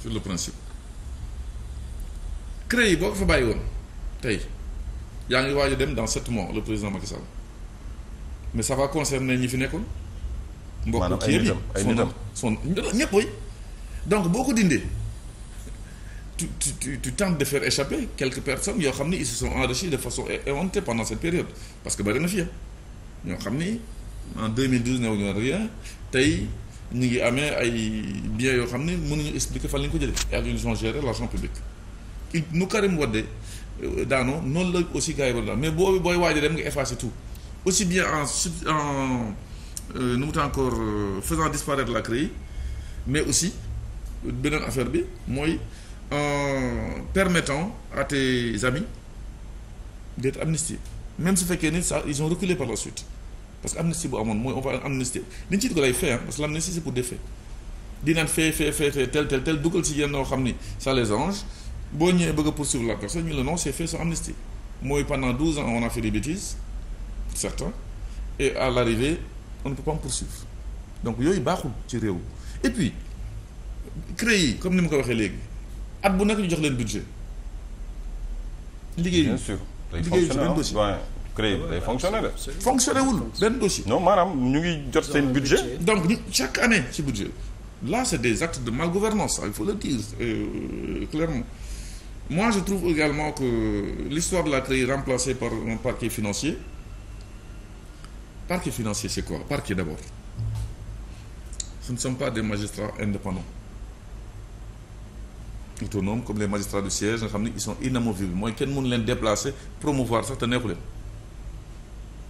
sur le principe CREI yi boo ko fa bàyyi woon tey yaa ngi waaj dem dans sept mois le président Macky Sall mais ça va concerner ñi fi nekkoon. mbokk kii yëpp ay nitam son ñëpp donc boo ko dindee tu tu tu tu de faire échapper quelques personnes yoo xam ni ils se sont enrichis de façon éhontée pendant cette période parce que bëri na fi ñoo xam ni en 2012 ne woon rien tey. ñu ngi amee ay biens yoo xam ne mun nañu expliquer fan la ñu ko jëlee et avec ils ont géré l'argent public il nu Karim Wade euh, daanoo noonu la aussi gars yi war mais boo booy waaj dem nga effacer tout aussi bien en sub en euh, nu mu encore euh, faisant disparaître la CREI mais aussi beneen affaire bi mooy en permettant à tes amis d'être amnistiés même su fekkee ni ça ils ont reculé par la suite. parce que amnistie bu amoon mooy on va amnistie dañ ciy dugal ay faits parce que l'amnistie c'est pour des faits di naan fee tel tel tel ci yenn yoo xam ni ça les ange boo ñëwee bëgg a poursuivre la personne ñu la non ces faits sont amnistie mooy pendant douze ans on a fait des certains et à l'arrivée on ne peut pas en donc yooyu baaxul ci réew et puis CREI yi comme ni ma ko waxee léegi at bu nekk ñu jox leen budget liggéey CREI bi day fonctionné de. fonctionné wul dossier. non maanaam ñu ngi jot seen budget. donc ñu chaque année ci budget là c' des actes de malgouvernance ça il faut le dire euh, clairement moi je trouve également que l'histoire de la CREI remplacée par un parquet financier parquet financier c' est quoi parquet d' abord ce ne sont pas des magistrats indépendants autonomes comme les magistrats du siège nga xam ne ils sont inamovibles mooy kenn mënu leen déplacer promouvoir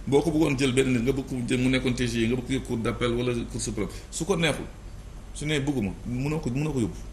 boo ko bëggoon jël benn nit nga bëgg ko jël mu nekkoon TGI nga bëgg ko yóbbu cour d'appel wala cour su ko neexul su ne bëgguma mënoo ko mënoo ko yóbbu